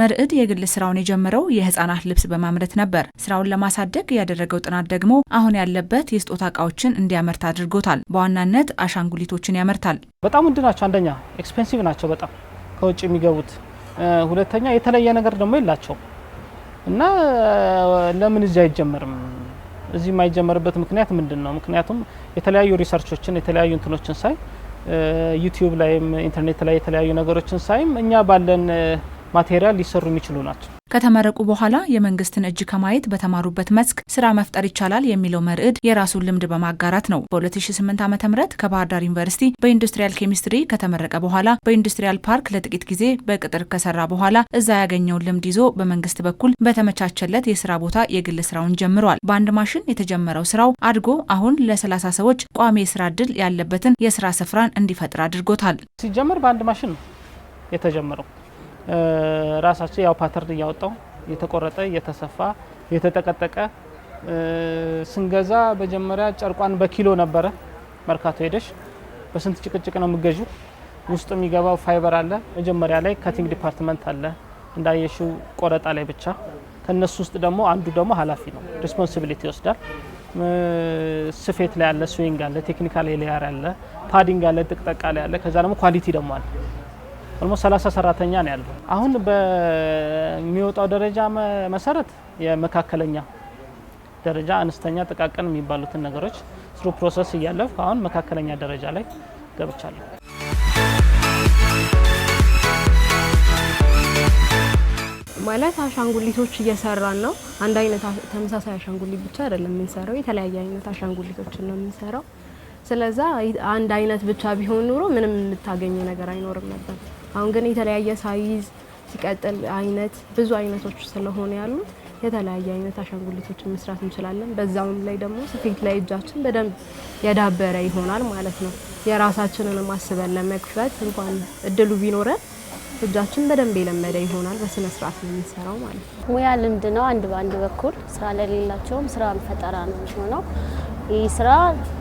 መርዕድ የግል ስራውን የጀመረው የህፃናት ልብስ በማምረት ነበር። ስራውን ለማሳደግ ያደረገው ጥናት ደግሞ አሁን ያለበት የስጦታ እቃዎችን እንዲያመርት አድርጎታል። በዋናነት አሻንጉሊቶችን ያመርታል። በጣም ውድ ናቸው። አንደኛ ኤክስፔንሲቭ ናቸው በጣም ከውጭ የሚገቡት፣ ሁለተኛ የተለየ ነገር ደግሞ የላቸው እና ለምን እዚህ አይጀመርም? እዚህ የማይጀመርበት ምክንያት ምንድን ነው? ምክንያቱም የተለያዩ ሪሰርቾችን የተለያዩ እንትኖችን ሳይ ዩቲዩብ ላይም ኢንተርኔት ላይ የተለያዩ ነገሮችን ሳይም እኛ ባለን ማቴሪያል ሊሰሩ የሚችሉ ናቸው። ከተመረቁ በኋላ የመንግስትን እጅ ከማየት በተማሩበት መስክ ስራ መፍጠር ይቻላል የሚለው መርዕድ የራሱን ልምድ በማጋራት ነው። በ2008 ዓ ም ከባህር ዳር ዩኒቨርሲቲ በኢንዱስትሪያል ኬሚስትሪ ከተመረቀ በኋላ በኢንዱስትሪያል ፓርክ ለጥቂት ጊዜ በቅጥር ከሰራ በኋላ እዛ ያገኘውን ልምድ ይዞ በመንግስት በኩል በተመቻቸለት የስራ ቦታ የግል ስራውን ጀምሯል። በአንድ ማሽን የተጀመረው ስራው አድጎ አሁን ለ30 ሰዎች ቋሚ የስራ እድል ያለበትን የስራ ስፍራን እንዲፈጥር አድርጎታል። ሲጀመር በአንድ ማሽን ነው የተጀመረው ራሳቸው ያው ፓተርን እያወጣው እየተቆረጠ እየተሰፋ እየተጠቀጠቀ ስንገዛ መጀመሪያ ጨርቋን በኪሎ ነበረ መርካቶ ሄደሽ በስንት ጭቅጭቅ ነው የምገዥው። ውስጡ የሚገባው ፋይበር አለ። መጀመሪያ ላይ ከቲንግ ዲፓርትመንት አለ እንዳየሽው ቆረጣ ላይ ብቻ። ከነሱ ውስጥ ደግሞ አንዱ ደግሞ ኃላፊ ነው ሪስፖንሲቢሊቲ ይወስዳል። ስፌት ላይ አለ፣ ስዊንግ አለ፣ ቴክኒካል ሌያር አለ፣ ፓዲንግ አለ፣ ጥቅጠቃ ላይ አለ። ከዛ ደግሞ ኳሊቲ ደግሞ አለ። ኦልሞስት 30 ሰራተኛ ነው ያለው። አሁን በሚወጣው ደረጃ መሰረት የመካከለኛ ደረጃ አነስተኛ፣ ጥቃቅን የሚባሉትን ነገሮች ስሩ ፕሮሰስ እያለፍኩ አሁን መካከለኛ ደረጃ ላይ ገብቻለሁ። ማለት አሻንጉሊቶች እየሰራን ነው። አንድ አይነት ተመሳሳይ አሻንጉሊት ብቻ አይደለም የምንሰራው፣ የተለያየ አይነት አሻንጉሊቶችን ነው የምንሰራው። ስለዛ አንድ አይነት ብቻ ቢሆን ኑሮ ምንም የምታገኘው ነገር አይኖርም ነበር። አሁን ግን የተለያየ ሳይዝ ሲቀጥል አይነት ብዙ አይነቶች ስለሆነ ያሉት የተለያየ አይነት አሻንጉሊቶችን መስራት እንችላለን። በዛውም ላይ ደግሞ ስፌት ላይ እጃችን በደንብ የዳበረ ይሆናል ማለት ነው። የራሳችንን አስበን ለመክፈት እንኳን እድሉ ቢኖረን እጃችን በደንብ የለመደ ይሆናል። በስነ ስርዓት ነው የሚሰራው ማለት ነው። ሙያ ልምድ ነው። አንድ በአንድ በኩል ስራ ለሌላቸውም ስራ ፈጠራ ነው የሚሆነው። ይህ ስራ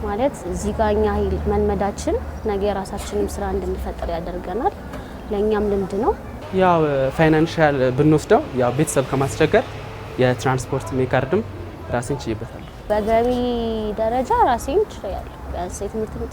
ማለት እዚህ ጋር እኛ መልመዳችን ነገ የራሳችንም ስራ እንድንፈጥር ያደርገናል። ለእኛም ልምድ ነው። ያው ፋይናንሻል ብንወስደው ያው ቤተሰብ ከማስቸገር የትራንስፖርት ሜካርድም ራሴን ችይበታለሁ። በገቢ ደረጃ ራሴን ችያለሁ።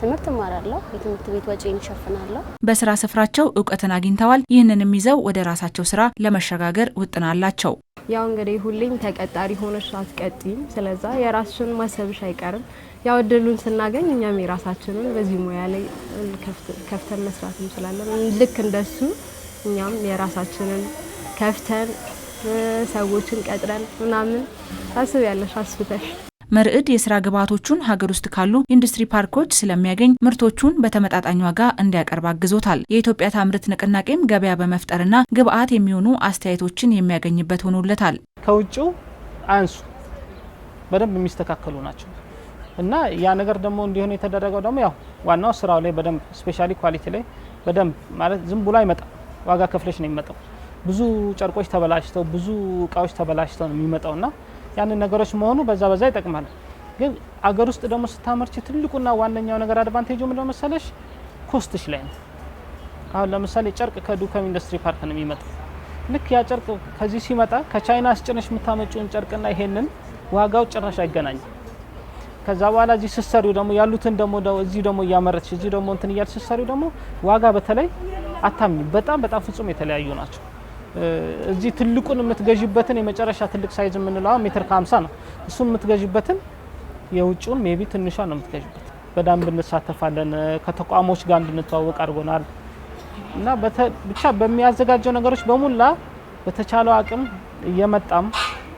ትምህርት እማራለሁ፣ የትምህርት ቤት ወጪ እሸፍናለሁ። በስራ ስፍራቸው እውቀትን አግኝተዋል። ይህንንም ይዘው ወደ ራሳቸው ስራ ለመሸጋገር ውጥናላቸው። ያው እንግዲህ ሁሌም ተቀጣሪ ሆነሽ አትቀጢም። ስለዛ የራስሽን ማሰብሽ አይቀርም። ያው እድሉን ስናገኝ እኛም የራሳችንን በዚህ ሙያ ላይ ከፍተን መስራት እንችላለን። ልክ እንደሱ እኛም የራሳችንን ከፍተን ሰዎችን ቀጥረን ምናምን ታስብ ያለሽ አስፍተሽ መርዕድ የስራ ግብዓቶቹን ሀገር ውስጥ ካሉ ኢንዱስትሪ ፓርኮች ስለሚያገኝ ምርቶቹን በተመጣጣኝ ዋጋ እንዲያቀርብ አግዞታል። የኢትዮጵያ ታምርት ንቅናቄም ገበያ በመፍጠርና ግብዓት የሚሆኑ አስተያየቶችን የሚያገኝበት ሆኖለታል። ከውጭው አንሱ በደንብ የሚስተካከሉ ናቸው እና ያ ነገር ደግሞ እንዲሆን የተደረገው ደግሞ ያው ዋናው ስራው ላይ በደንብ ስፔሻሊ ኳሊቲ ላይ በደንብ ማለት ዝም ብሎ አይመጣም። ዋጋ ከፍለሽ ነው የሚመጣው። ብዙ ጨርቆች ተበላሽተው ብዙ እቃዎች ተበላሽተው ነው የሚመጣውና ያንን ነገሮች መሆኑ በዛ በዛ ይጠቅማል። ግን አገር ውስጥ ደግሞ ስታመርች ትልቁና ዋነኛው ነገር አድቫንቴጁ ምንድነው መሰለሽ? ኮስትሽ ላይ ነው። አሁን ለምሳሌ ጨርቅ ከዱከም ኢንዱስትሪ ፓርክ ነው የሚመጣው። ልክ ያ ጨርቅ ከዚህ ሲመጣ ከቻይና አስጭነሽ የምታመጪውን ጨርቅና ይሄንን ዋጋው ጭራሽ አይገናኝም። ከዛ በኋላ እዚህ ስሰሪው ደግሞ ያሉትን ደግሞ እዚህ ደግሞ እያመረትሽ እዚህ ደግሞ እንትን እያል ስሰሪው ደግሞ ዋጋ በተለይ አታምኝ። በጣም በጣም ፍጹም የተለያዩ ናቸው። እዚህ ትልቁን የምትገዥበትን የመጨረሻ ትልቅ ሳይዝ የምንለው ሜትር ከ50 ነው። እሱን የምትገዥበትን የውጭውን ሜቢ ትንሿ ነው የምትገዥበት። በደንብ እንሳተፋለን። ከተቋሞች ጋር እንድንተዋወቅ አድርጎናል። እና ብቻ በሚያዘጋጀው ነገሮች በሙላ በተቻለው አቅም እየመጣም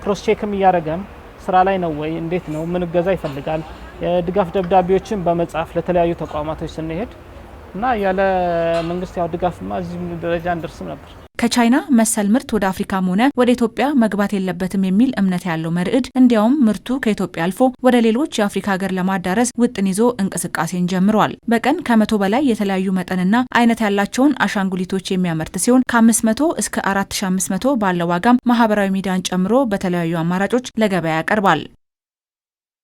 ክሮስ ቼክም እያደረገም ስራ ላይ ነው ወይ እንዴት ነው ምን እገዛ ይፈልጋል። የድጋፍ ደብዳቤዎችን በመጻፍ ለተለያዩ ተቋማቶች ስንሄድ እና ያለ መንግስት ያው ድጋፍማ እዚህ ደረጃ እንደርስም ነበር። ከቻይና መሰል ምርት ወደ አፍሪካም ሆነ ወደ ኢትዮጵያ መግባት የለበትም የሚል እምነት ያለው መርዕድ እንዲያውም ምርቱ ከኢትዮጵያ አልፎ ወደ ሌሎች የአፍሪካ ሀገር ለማዳረስ ውጥን ይዞ እንቅስቃሴን ጀምሯል። በቀን ከመቶ በላይ የተለያዩ መጠንና አይነት ያላቸውን አሻንጉሊቶች የሚያመርት ሲሆን ከ500 እስከ 4500 ባለው ዋጋም ማህበራዊ ሚዲያን ጨምሮ በተለያዩ አማራጮች ለገበያ ያቀርባል።